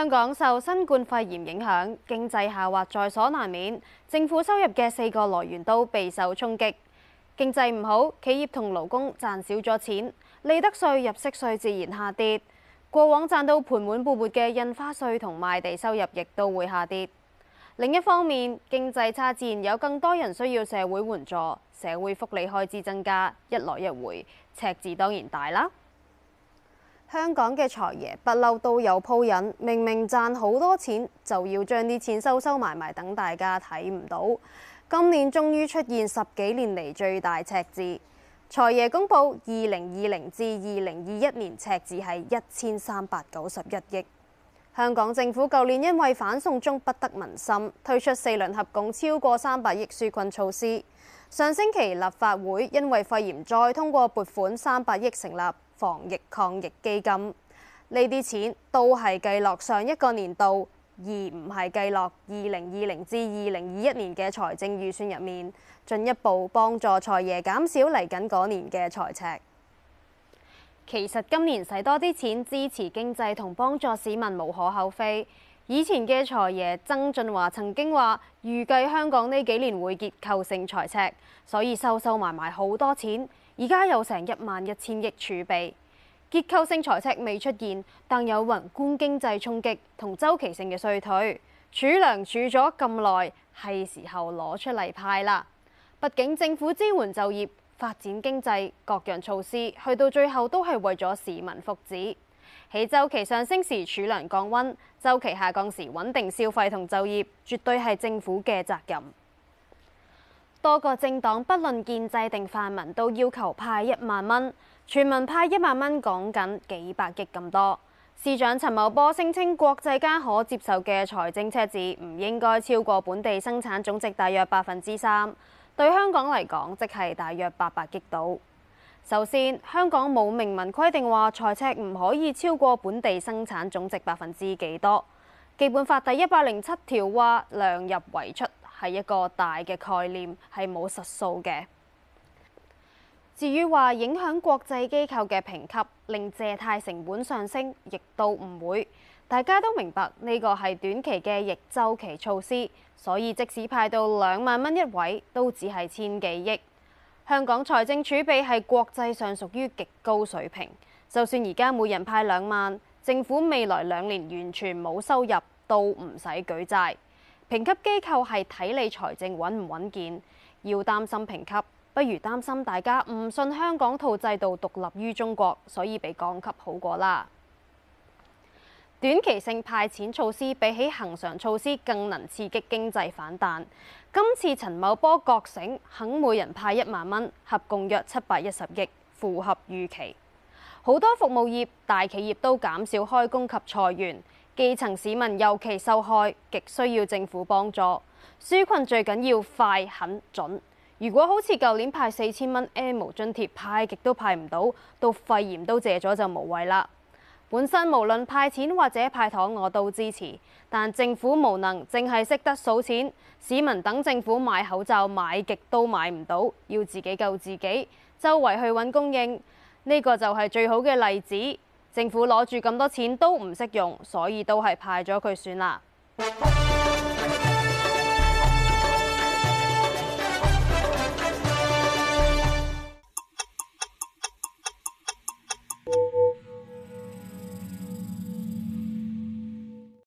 香港受新冠肺炎影響，經濟下滑在所難免。政府收入嘅四個來源都備受衝擊。經濟唔好，企業同勞工賺少咗錢，利得稅、入息稅自然下跌。過往賺到盆滿缽滿嘅印花稅同賣地收入，亦都會下跌。另一方面，經濟差自然有更多人需要社會援助，社會福利開支增加，一來一回，赤字當然大啦。香港嘅財爺不嬲都有鋪引，明明賺好多錢，就要將啲錢收收埋埋，等大家睇唔到。今年終於出現十幾年嚟最大赤字，財爺公佈二零二零至二零二一年赤字係一千三百九十一億。香港政府舊年因為反送中不得民心，推出四輪合共超過三百億紓困措施。上星期立法會因為肺炎再通過撥款三百億成立防疫抗疫基金。呢啲錢都係計落上一個年度，而唔係計落二零二零至二零二一年嘅財政預算入面，進一步幫助財爺減少嚟緊嗰年嘅財赤。其實今年使多啲錢支持經濟同幫助市民無可厚非。以前嘅財爺曾俊華曾經話預計香港呢幾年會結構性財赤，所以收收埋埋好多錢。而家有成一萬一千億儲備，結構性財赤未出現，但有宏觀經濟衝擊同周期性嘅衰退。儲糧儲咗咁耐，係時候攞出嚟派啦。畢竟政府支援就業、發展經濟各樣措施，去到最後都係為咗市民福祉。喺周期上升時儲糧降温，周期下降時穩定消費同就業，絕對係政府嘅責任。多個政黨不論建制定泛民都要求派一萬蚊，全民派一萬蚊講緊幾百億咁多。市長陳茂波聲稱國際間可接受嘅財政赤字唔應該超過本地生產總值大約百分之三。對香港嚟講，即係大約八百億到。首先，香港冇明文規定話財赤唔可以超過本地生產總值百分之幾多。基本法第一百零七條話量入為出係一個大嘅概念，係冇實數嘅。至於話影響國際機構嘅評級，令借貸成本上升，亦都唔會。大家都明白，呢個係短期嘅逆週期措施，所以即使派到兩萬蚊一位，都只係千幾億。香港財政儲備係國際上屬於極高水平，就算而家每人派兩萬，政府未來兩年完全冇收入，都唔使舉債。評級機構係睇你財政穩唔穩健，要擔心評級。不如擔心大家唔信香港套制度獨立於中國，所以被降級好過啦。短期性派錢措施比起恒常措施更能刺激經濟反彈。今次陳茂波覺醒，肯每人派一萬蚊，合共約七百一十億，符合預期。好多服務業大企業都減少開工及裁員，基層市民尤其受害，極需要政府幫助。紓困最緊要快、狠、準。如果好似舊年派四千蚊 M 津貼，派極都派唔到，到肺炎都借咗就無謂啦。本身無論派錢或者派糖我都支持，但政府無能，淨係識得數錢，市民等政府買口罩買極都買唔到，要自己救自己，周圍去揾供應，呢個就係最好嘅例子。政府攞住咁多錢都唔識用，所以都係派咗佢算啦。